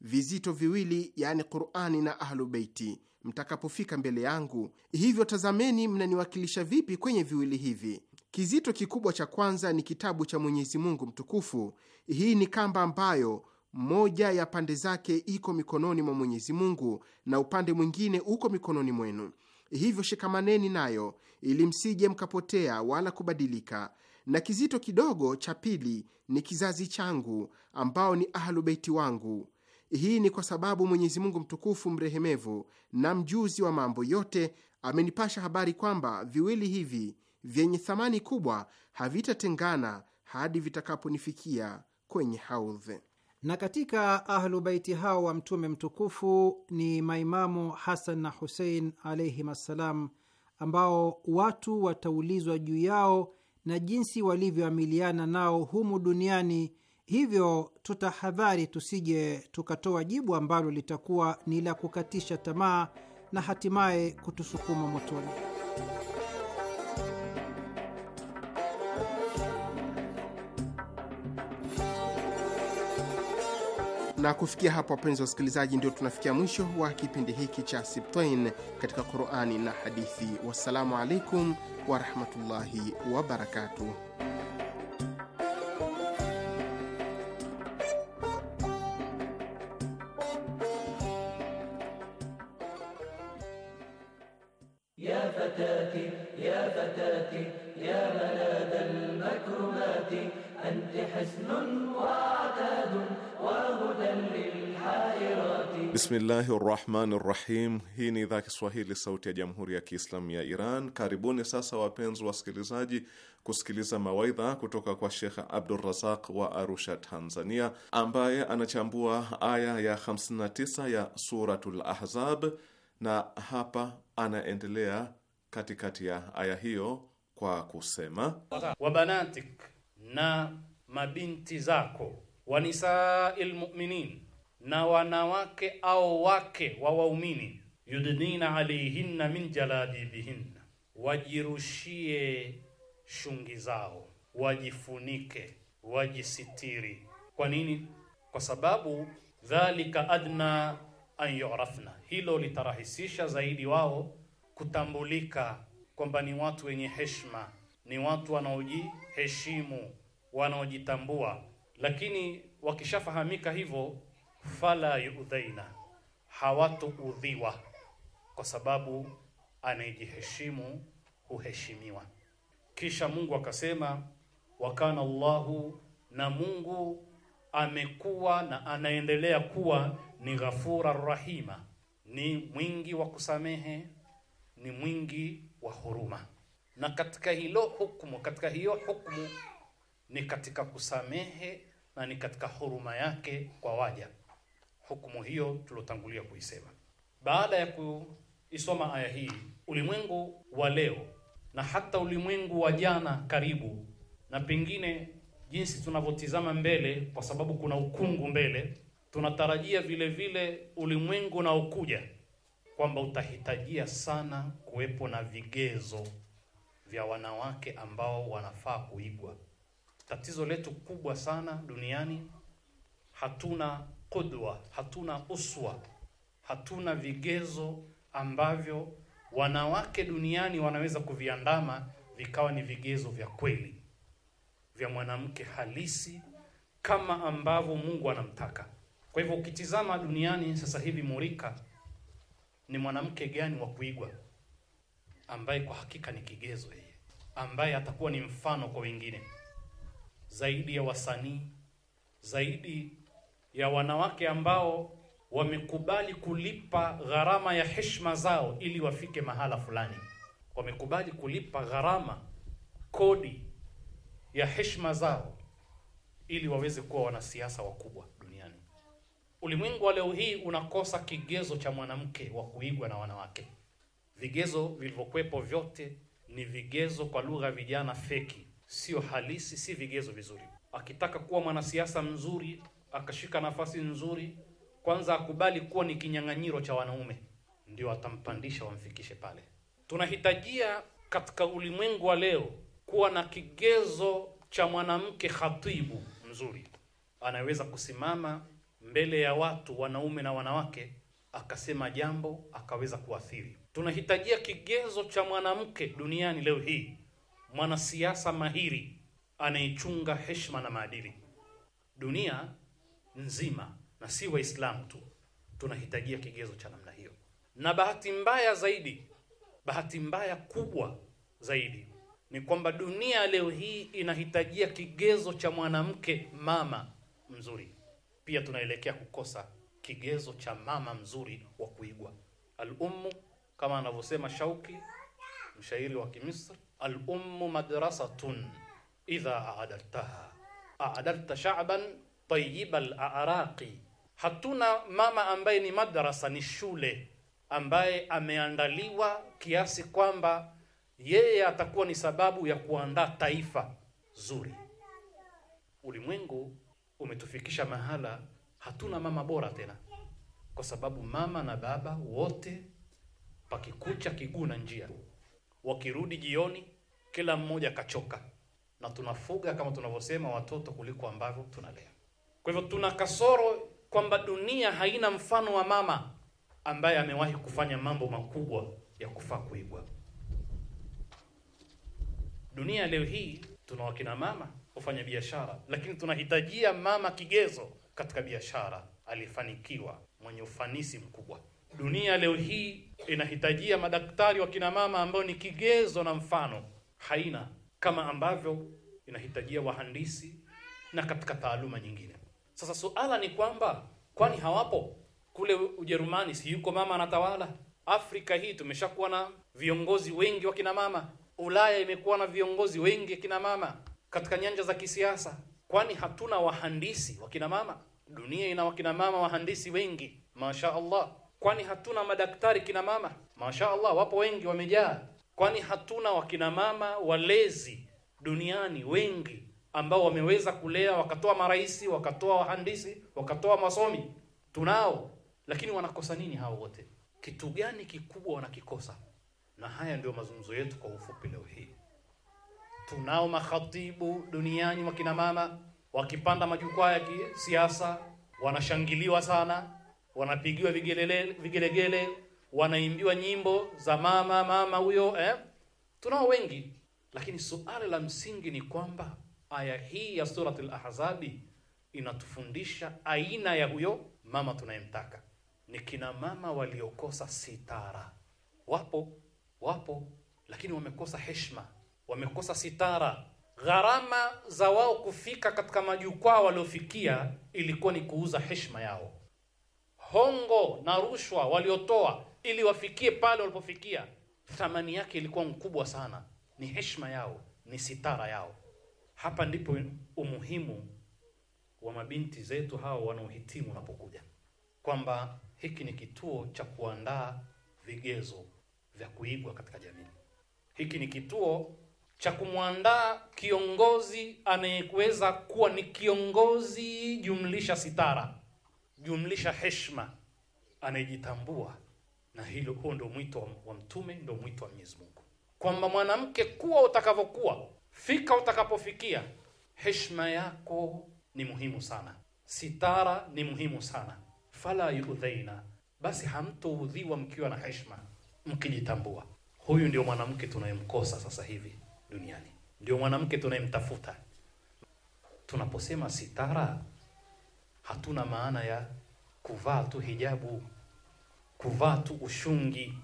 vizito viwili, yani Qurani na Ahlubeiti, mtakapofika mbele yangu. Hivyo tazameni mnaniwakilisha vipi kwenye viwili hivi. Kizito kikubwa cha kwanza ni kitabu cha Mwenyezi Mungu Mtukufu. Hii ni kamba ambayo moja ya pande zake iko mikononi mwa Mwenyezi Mungu na upande mwingine uko mikononi mwenu, hivyo shikamaneni nayo ili msije mkapotea wala kubadilika. Na kizito kidogo cha pili ni kizazi changu ambao ni Ahlubeiti wangu. Hii ni kwa sababu Mwenyezi Mungu mtukufu mrehemevu na mjuzi wa mambo yote amenipasha habari kwamba viwili hivi vyenye thamani kubwa havitatengana hadi vitakaponifikia kwenye haudhe na katika Ahlubaiti hao wa Mtume mtukufu ni maimamu Hasan na Husein alaihim assalam, ambao watu wataulizwa juu yao na jinsi walivyoamiliana nao humu duniani. Hivyo tutahadhari tusije tukatoa jibu ambalo litakuwa ni la kukatisha tamaa na hatimaye kutusukuma motoni. Na kufikia hapa, wapenzi wa wasikilizaji, ndio tunafikia mwisho wa kipindi hiki cha Sibtain katika Qurani na Hadithi. Wassalamu alaikum warahmatullahi wabarakatuh. Bismillahi rahmani rahim. Hii ni idhaa Kiswahili sauti ya jamhuri ya Kiislamu ya Iran. Karibuni sasa wapenzi wasikilizaji, kusikiliza mawaidha kutoka kwa Shekh Abdurazaq wa Arusha, Tanzania, ambaye anachambua aya ya 59 ya Suratul Ahzab, na hapa anaendelea katikati ya aya hiyo kwa kusema wabanatik, na mabinti zako, wanisaa lmuminin na wanawake au wake wa waumini yudnina alaihinna min jaladibihinna, wajirushie shungi zao, wajifunike, wajisitiri. Kwa nini? Kwa sababu dhalika adna an yurafna, hilo litarahisisha zaidi wao kutambulika kwamba ni watu wenye heshima, ni watu wanaojiheshimu, wanaojitambua. Lakini wakishafahamika hivyo fala yudhaina hawatoudhiwa kwa sababu anayejiheshimu huheshimiwa. Kisha Mungu akasema wakana Allahu, na Mungu amekuwa na anaendelea kuwa ni ghafura rahima, ni mwingi wa kusamehe, ni mwingi wa huruma. Na katika hilo hukumu, katika hiyo hukumu ni katika kusamehe na ni katika huruma yake kwa waja hukumu hiyo tuliotangulia kuisema. Baada ya kuisoma aya hii, ulimwengu wa leo na hata ulimwengu wa jana karibu, na pengine jinsi tunavyotizama mbele, kwa sababu kuna ukungu mbele, tunatarajia vile vile ulimwengu unaokuja kwamba utahitajia sana kuwepo na vigezo vya wanawake ambao wanafaa kuigwa. Tatizo letu kubwa sana duniani hatuna qudwa, hatuna uswa, hatuna vigezo ambavyo wanawake duniani wanaweza kuviandama vikawa ni vigezo vya kweli vya mwanamke halisi kama ambavyo Mungu anamtaka. Kwa hivyo ukitizama duniani sasa hivi, murika ni mwanamke gani wa kuigwa ambaye kwa hakika ni kigezo yeye, ambaye atakuwa ni mfano kwa wengine, zaidi ya wasanii, zaidi ya wanawake ambao wamekubali kulipa gharama ya heshima zao ili wafike mahala fulani. Wamekubali kulipa gharama, kodi ya heshima zao ili waweze kuwa wanasiasa wakubwa duniani. Ulimwengu wa leo hii unakosa kigezo cha mwanamke wa kuigwa na wanawake. Vigezo vilivyokuwepo vyote ni vigezo kwa lugha vijana feki, sio halisi, si vigezo vizuri. Akitaka kuwa mwanasiasa mzuri akashika nafasi nzuri, kwanza akubali kuwa ni kinyang'anyiro cha wanaume, ndio atampandisha wamfikishe pale. Tunahitajia katika ulimwengu wa leo kuwa na kigezo cha mwanamke khatibu mzuri, anaweza kusimama mbele ya watu wanaume na wanawake akasema jambo akaweza kuathiri. Tunahitajia kigezo cha mwanamke duniani leo hii, mwanasiasa mahiri anayechunga heshima na maadili. Dunia nzima na si Waislamu tu tunahitajia kigezo cha namna hiyo. Na bahati mbaya zaidi, bahati mbaya kubwa zaidi ni kwamba dunia leo hii inahitajia kigezo cha mwanamke mama mzuri. Pia tunaelekea kukosa kigezo cha mama mzuri wa kuigwa. al kama anavyosema Shauki, mshairi wa Kimisri, al madrasatun idha a'adaltaha a'adalta sha'ban Tayyib al-Araqi. Hatuna mama ambaye ni madrasa, ni shule ambaye ameandaliwa kiasi kwamba yeye atakuwa ni sababu ya kuandaa taifa zuri. Ulimwengu umetufikisha mahala hatuna mama bora tena, kwa sababu mama na baba wote pakikucha kiguu na njia, wakirudi jioni kila mmoja kachoka, na tunafuga kama tunavyosema watoto kuliko ambavyo tunalea. Kwa hivyo tuna kasoro kwamba dunia haina mfano wa mama ambaye amewahi kufanya mambo makubwa ya kufaa kuigwa. Dunia leo hii tuna wakina mama kufanya biashara, lakini tunahitajia mama kigezo katika biashara, aliyefanikiwa, mwenye ufanisi mkubwa. Dunia leo hii inahitajia madaktari wa kina mama ambao ni kigezo na mfano, haina kama ambavyo inahitajia wahandisi na katika taaluma nyingine. Sasa suala ni kwamba kwani hawapo kule Ujerumani? Si yuko mama anatawala? Afrika hii tumeshakuwa na viongozi wengi wa kina mama. Ulaya imekuwa na viongozi wengi kina mama katika nyanja za kisiasa. Kwani hatuna wahandisi wa kina mama? Dunia ina wakina mama wahandisi wengi, masha Allah. Kwani hatuna madaktari kina mama? Masha Allah, wapo wengi, wamejaa. Kwani hatuna wakina mama walezi duniani wengi? ambao wameweza kulea, wakatoa marais, wakatoa wahandisi, wakatoa masomi, tunao. Lakini wanakosa nini hao wote? Kitu gani kikubwa wanakikosa? Na haya ndio mazungumzo yetu kwa ufupi leo hii. Tunao makhatibu duniani, wakina mama wakipanda majukwaa ya kisiasa wanashangiliwa sana, wanapigiwa vigelegele, wanaimbiwa nyimbo za mama mama huyo eh? Tunao wengi, lakini suala la msingi ni kwamba Aya hii ya Surat al-Ahzabi inatufundisha aina ya huyo mama tunayemtaka. Ni kina mama waliokosa sitara, wapo wapo, lakini wamekosa heshima, wamekosa sitara. Gharama za wao kufika katika majukwaa waliofikia ilikuwa ni kuuza heshima yao, hongo na rushwa waliotoa ili wafikie pale walipofikia, thamani yake ilikuwa mkubwa sana. Ni heshima yao, ni sitara yao. Hapa ndipo umuhimu wa mabinti zetu hawa wanaohitimu unapokuja, kwamba hiki ni kituo cha kuandaa vigezo vya kuigwa katika jamii. Hiki ni kituo cha kumwandaa kiongozi anayeweza kuwa ni kiongozi jumlisha sitara jumlisha heshima, anayejitambua. Na hilo, huo ndio mwito wa Mtume, ndio mwito wa Mwenyezi Mungu, kwamba mwanamke kuwa utakavyokuwa Fika utakapofikia, heshima yako ni muhimu sana, sitara ni muhimu sana. Fala yudhaina, basi hamtoudhiwa mkiwa na heshima, mkijitambua. Huyu ndio mwanamke tunayemkosa sasa hivi duniani, ndio mwanamke tunayemtafuta. Tunaposema sitara, hatuna maana ya kuvaa tu hijabu, kuvaa tu ushungi,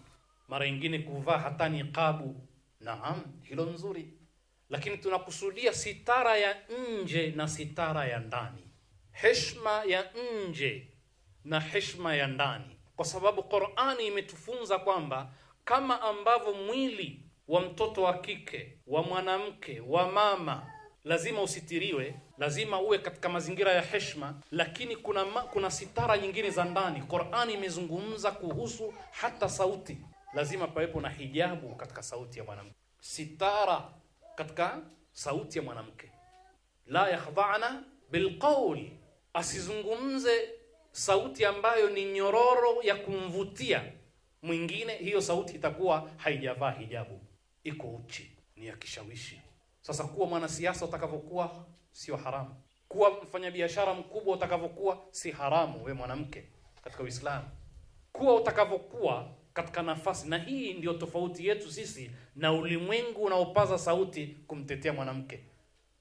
mara nyingine kuvaa hata niqabu. Naam, hilo nzuri lakini tunakusudia sitara ya nje na sitara ya ndani, heshma ya nje na heshma ya ndani, kwa sababu Qur'ani imetufunza kwamba kama ambavyo mwili wa mtoto wa kike, wa mwanamke, wa mama lazima usitiriwe, lazima uwe katika mazingira ya heshma lakini kuna ma, kuna sitara nyingine za ndani. Qur'ani imezungumza kuhusu hata sauti, lazima pawepo na hijabu katika sauti ya mwanamke, sitara katika sauti ya mwanamke. La yakhdha'na bilqawl, asizungumze sauti ambayo ni nyororo ya kumvutia mwingine, hiyo sauti itakuwa haijavaa hijabu, iko uchi, ni ya kishawishi. Sasa kuwa mwanasiasa utakavyokuwa sio haramu, kuwa mfanyabiashara mkubwa utakavyokuwa si haramu, we mwanamke katika Uislamu, kuwa utakavyokuwa katika nafasi, na hii ndio tofauti yetu sisi na ulimwengu unaopaza sauti kumtetea mwanamke.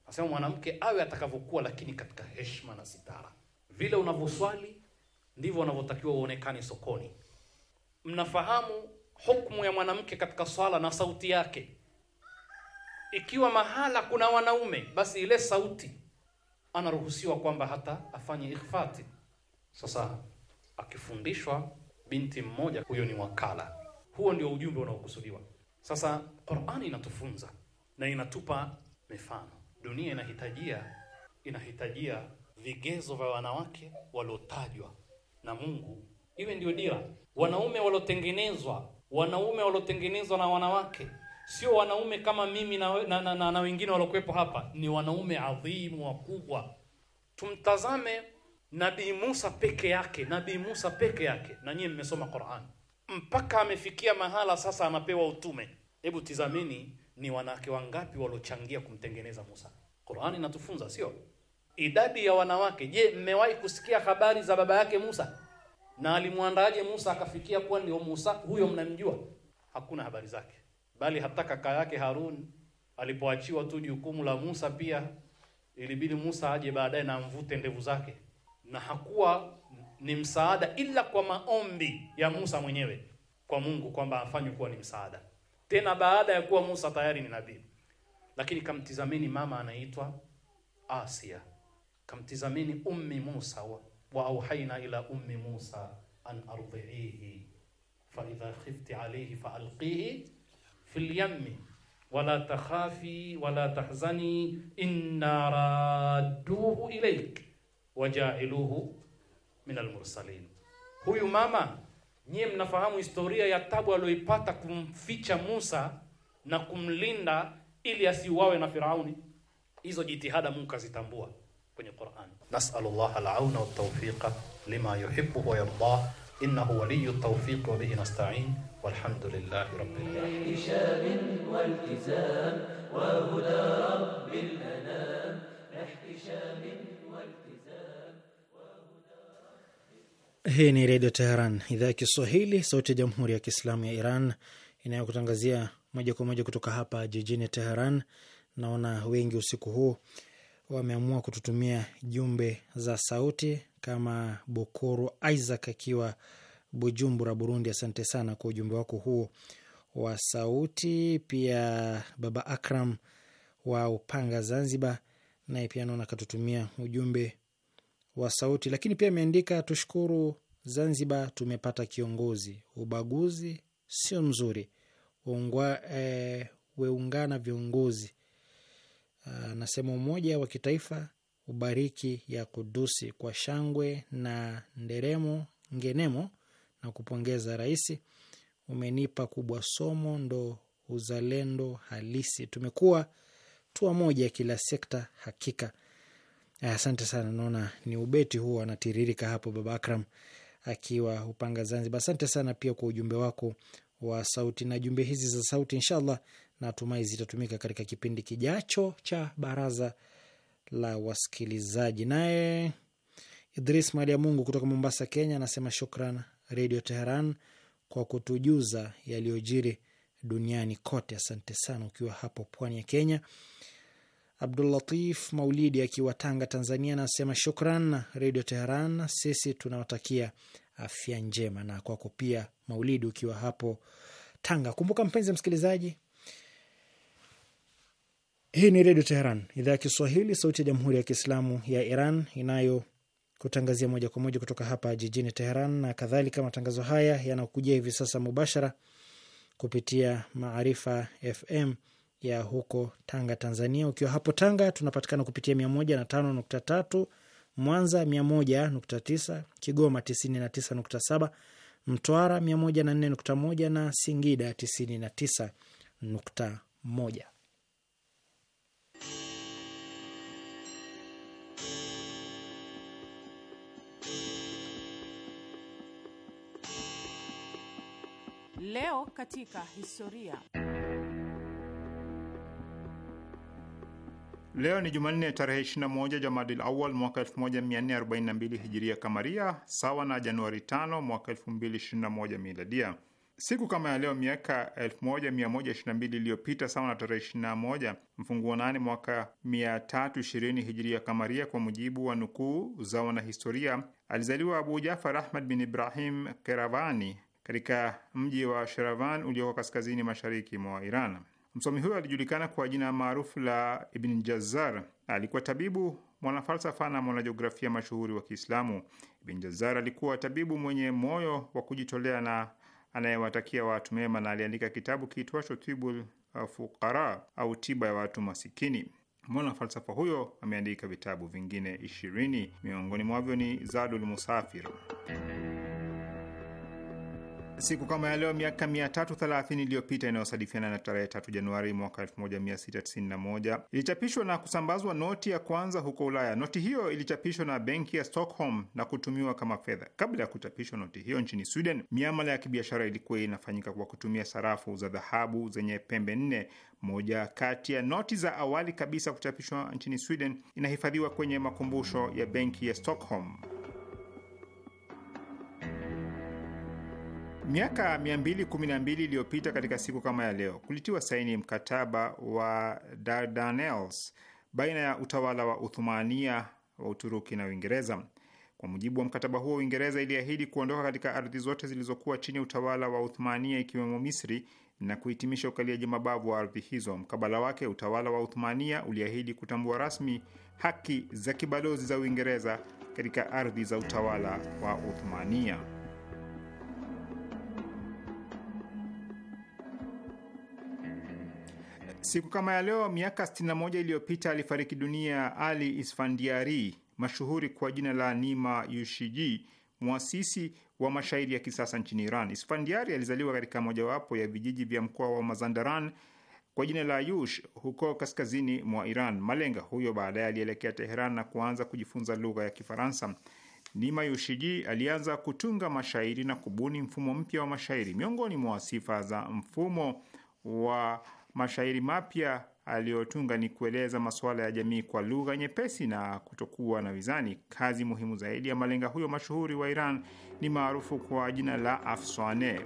Nasema mwanamke awe atakavyokuwa, lakini katika heshima na sitara. Vile unavyoswali ndivyo unavyotakiwa uonekane sokoni. Mnafahamu hukumu ya mwanamke katika swala na sauti yake. Ikiwa mahala kuna wanaume, basi ile sauti anaruhusiwa kwamba hata afanye ikhfati. Sasa akifundishwa binti mmoja, huyo ni wakala. Huo ndio ujumbe unaokusudiwa. Sasa Qur'ani inatufunza na inatupa mifano. Dunia inahitajia inahitajia vigezo vya wanawake waliotajwa na Mungu, iwe ndio dira. Wanaume waliotengenezwa, wanaume waliotengenezwa na wanawake, sio wanaume kama mimi na, na, na, na, na wengine waliokuwepo hapa, ni wanaume adhimu wakubwa. Tumtazame Nabii Musa peke yake, Nabii Musa peke yake, na nyinyi mmesoma Qur'an, mpaka amefikia mahala sasa anapewa utume. Hebu tizamini ni wanawake wangapi waliochangia kumtengeneza Musa. qurani inatufunza sio idadi ya wanawake. Je, mmewahi kusikia habari za baba yake Musa na alimwandaje Musa akafikia kuwa ndio Musa huyo mnamjua? Hakuna habari zake, bali hata kaka yake Harun alipoachiwa tu jukumu la Musa, pia ilibidi Musa aje baadaye na mvute ndevu zake na hakuwa ni msaada ila kwa maombi ya Musa mwenyewe kwa Mungu kwamba afanywe kuwa ni msaada, tena baada ya kuwa Musa tayari ni nabii. Lakini kamtizameni mama anaitwa Asia, kamtizameni ummi Musa wa, wa auhaina ila ummi Musa an ardhiihi fa idha khifti alayhi fa alqihi fil yammi wala takhafi wala tahzani inna radduhu ilayki wajailuhu min almursalin. Huyu mama nyie mnafahamu historia ya tabu aliyoipata kumficha Musa na kumlinda ili asiuawe na Firauni. Hizo jitihada Mungu kazitambua kwenye Qur'an. Nas'alullah al-auna wa tawfiqa lima yuhibbu wa yarda innahu waliyyu tawfiq wa bihi nasta'in walhamdulillahi rabbil alamin. Ishab waltizam wa huda rabbil anam ihtishabin Hii ni Redio Teheran, idhaa ya Kiswahili, sauti ya Jamhuri ya Kiislamu ya Iran, inayokutangazia moja kwa moja kutoka hapa jijini Teheran. Naona wengi usiku huu wameamua kututumia jumbe za sauti, kama bukuru Isaac akiwa Bujumbura, Burundi. Asante sana kwa ujumbe wako huo wa sauti. Pia Baba Akram wa Upanga, Zanzibar, naye pia naona akatutumia ujumbe wa sauti, lakini pia ameandika tushukuru Zanzibar tumepata kiongozi, ubaguzi sio mzuri, e, weungana viongozi. Anasema ah, umoja wa kitaifa ubariki ya Kudusi kwa shangwe na nderemo ngenemo na kupongeza rais, umenipa kubwa somo, ndo uzalendo halisi, tumekuwa tua moja kila sekta hakika. Ah, asante sana, naona ni ubeti huo anatiririka hapo baba Akram akiwa Upanga, Zanzibar. Asante sana pia kwa ujumbe wako wa sauti na jumbe hizi za sauti, inshallah natumai zitatumika katika kipindi kijacho cha baraza la wasikilizaji. Naye Idris Mali ya Mungu kutoka Mombasa, Kenya, anasema shukran Redio Teheran kwa kutujuza yaliyojiri duniani kote. Asante sana ukiwa hapo pwani ya Kenya. Abdulatif Maulidi akiwa Tanga, Tanzania, anasema shukran Redio Teheran, sisi tunawatakia afya njema na kwako pia Maulidi ukiwa hapo Tanga. Kumbuka mpenzi msikilizaji, hii ni Redio Teheran, idhaa ya Kiswahili, sauti ya Jamhuri ya Kiislamu ya Iran inayokutangazia moja kwa moja kutoka hapa jijini Teheran na kadhalika. Matangazo haya yanakujia hivi sasa mubashara kupitia Maarifa FM ya huko Tanga, Tanzania. Ukiwa hapo Tanga tunapatikana kupitia mia moja na tano nukta tatu, Mwanza mia moja nukta tisa, Kigoma tisini na tisa nukta saba, Mtwara mia moja na nne nukta moja na Singida tisini na tisa nukta moja. Leo katika historia Leo ni Jumanne tarehe 21 Jamadil Awal mwaka 1442 hijiria kamaria, sawa na Januari 5 mwaka 2021 miladia. Siku kama ya leo miaka 1122 iliyopita, sawa na tarehe 21 mfunguo nane mwaka 320 hijiria kamaria, kwa mujibu wa nukuu za wanahistoria, alizaliwa Abu Jafar Ahmad bin Ibrahim Keravani katika mji wa Sheravan ulioko kaskazini mashariki mwa Iran. Msomi huyo alijulikana kwa jina maarufu la Ibn Jazar. Alikuwa tabibu, mwanafalsafa na mwanajiografia mashuhuri wa Kiislamu. Ibn Jazar alikuwa tabibu mwenye moyo wa kujitolea na anayewatakia watu mema, na aliandika kitabu kiitwacho Tibul Fuqara au tiba ya watu masikini. Mwana falsafa huyo ameandika vitabu vingine ishirini, miongoni mwavyo ni Zadul Musafir. Siku kama ya leo miaka 330 iliyopita inayosadifiana na tarehe 3 Januari mwaka 1691 ilichapishwa na kusambazwa noti ya kwanza huko Ulaya. Noti hiyo ilichapishwa na benki ya Stockholm na kutumiwa kama fedha. Kabla ya kuchapishwa noti hiyo nchini Sweden, miamala ya kibiashara ilikuwa inafanyika kwa kutumia sarafu za dhahabu zenye pembe nne. Moja kati ya noti za awali kabisa kuchapishwa nchini Sweden inahifadhiwa kwenye makumbusho ya benki ya Stockholm. Miaka 212 iliyopita katika siku kama ya leo kulitiwa saini mkataba wa Dardanelles baina ya utawala wa Uthumania wa Uturuki na Uingereza. Kwa mujibu wa mkataba huo, Uingereza iliahidi kuondoka katika ardhi zote zilizokuwa chini ya utawala wa Uthumania ikiwemo Misri na kuhitimisha ukaliaji mabavu wa ardhi hizo. Mkabala wake, utawala wa Uthumania uliahidi kutambua rasmi haki za kibalozi za Uingereza katika ardhi za utawala wa Uthumania. Siku kama ya leo miaka 61 iliyopita alifariki dunia Ali Isfandiari, mashuhuri kwa jina la Nima Yushiji, mwasisi wa mashairi ya kisasa nchini Iran. Isfandiari alizaliwa katika mojawapo ya vijiji vya mkoa wa Mazandaran kwa jina la Yush huko kaskazini mwa Iran. Malenga huyo baadaye alielekea Teheran na kuanza kujifunza lugha ya Kifaransa. Nima Yushiji alianza kutunga mashairi na kubuni mfumo mpya wa mashairi. Miongoni mwa sifa za mfumo wa mashairi mapya aliyotunga ni kueleza masuala ya jamii kwa lugha nyepesi na kutokuwa na wizani. Kazi muhimu zaidi ya malenga huyo mashuhuri wa Iran ni maarufu kwa jina la Afsane.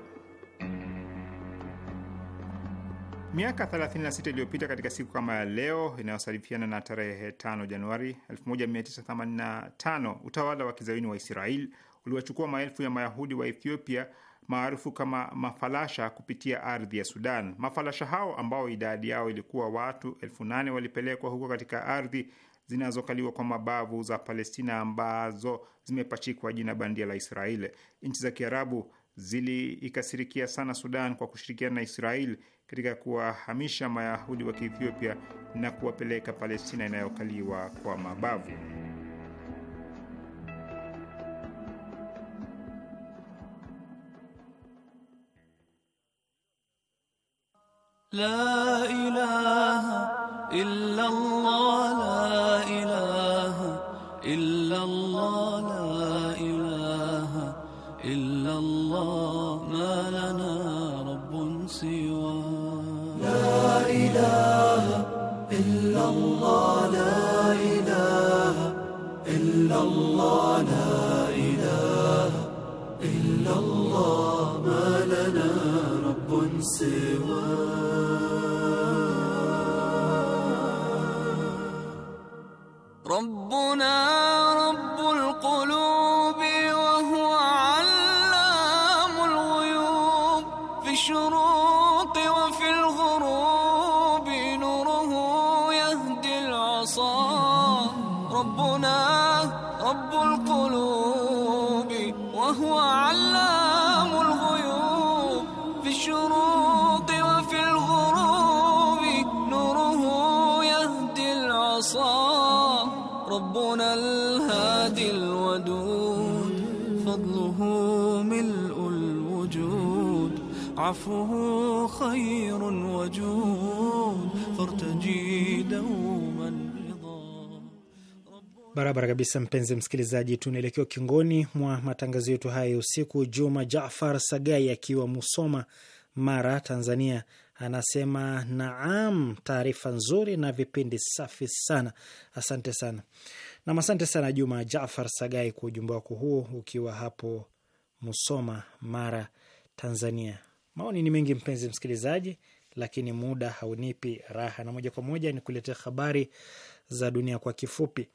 Miaka 36 iliyopita katika siku kama ya leo inayosalifiana na tarehe 5 Januari 1985 utawala wa kizayuni wa Israel uliwachukua maelfu ya Mayahudi wa Ethiopia maarufu kama mafalasha kupitia ardhi ya Sudan. Mafalasha hao ambao idadi yao ilikuwa watu elfu nane walipelekwa huko katika ardhi zinazokaliwa kwa mabavu za Palestina ambazo zimepachikwa jina bandia la Israeli. Nchi za Kiarabu ziliikasirikia sana Sudan kwa kushirikiana na Israeli katika kuwahamisha Mayahudi wa Kiethiopia na kuwapeleka Palestina inayokaliwa kwa mabavu. لا إله إلا الله عفوه خير وجود فارتجي دوما Barabara kabisa, mpenzi msikilizaji, tunaelekea ukingoni mwa matangazo yetu haya ya usiku. Juma Jafar Sagai akiwa Musoma, Mara, Tanzania, anasema naam, taarifa nzuri na vipindi safi sana, asante sana. Nam, asante sana Juma Jafar Sagai kwa ujumbe wako huo, ukiwa hapo Musoma, Mara, Tanzania. Maoni ni mengi mpenzi msikilizaji, lakini muda haunipi raha, na moja kwa moja ni kuletea habari za dunia kwa kifupi.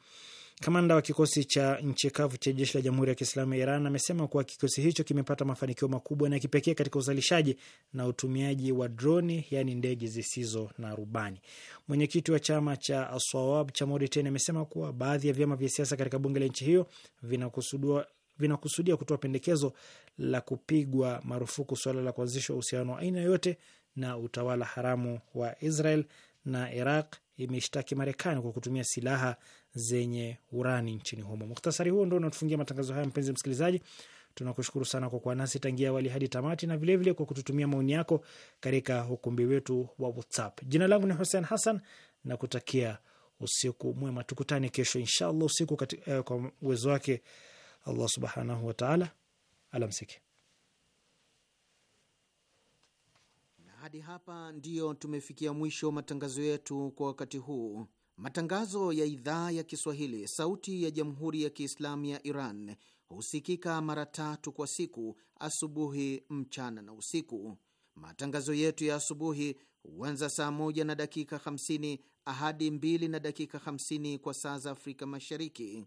Kamanda wa kikosi cha nchi kavu cha jeshi la Jamhuri ya Kiislamu ya Iran amesema kuwa kikosi hicho kimepata mafanikio makubwa na kipekee katika uzalishaji na utumiaji wa droni, yaani ndege zisizo na rubani. Mwenyekiti wa chama cha Aswawab cha Mauritania amesema kuwa baadhi ya vyama vya siasa katika bunge la nchi hiyo vinakusudia vinakusudia kutoa pendekezo la kupigwa marufuku suala la kuanzishwa uhusiano wa aina yoyote na utawala haramu wa Israel, na Iraq imeshtaki Marekani kwa kutumia silaha zenye urani nchini humo. Mukhtasari huo ndo unatufungia matangazo haya. Mpenzi msikilizaji, tunakushukuru sana kwa kuwa nasi tangia awali hadi tamati, na vilevile vile kwa kututumia maoni yako katika ukumbi wetu wa WhatsApp. Jina langu ni Hussein Hassan na kutakia usiku mwema, tukutane kesho inshallah usiku kati, eh, kwa uwezo wake Allah subhanahu wataala alamsiki. Na hadi hapa ndiyo tumefikia mwisho matangazo yetu kwa wakati huu. Matangazo ya idhaa ya Kiswahili sauti ya jamhuri ya Kiislamu ya Iran husikika mara tatu kwa siku: asubuhi, mchana na usiku. Matangazo yetu ya asubuhi huanza saa moja na dakika 50 ahadi mbili na dakika 50 kwa saa za Afrika Mashariki.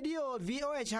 radio V O H.